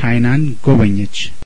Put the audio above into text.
ቻይናን ጎበኘች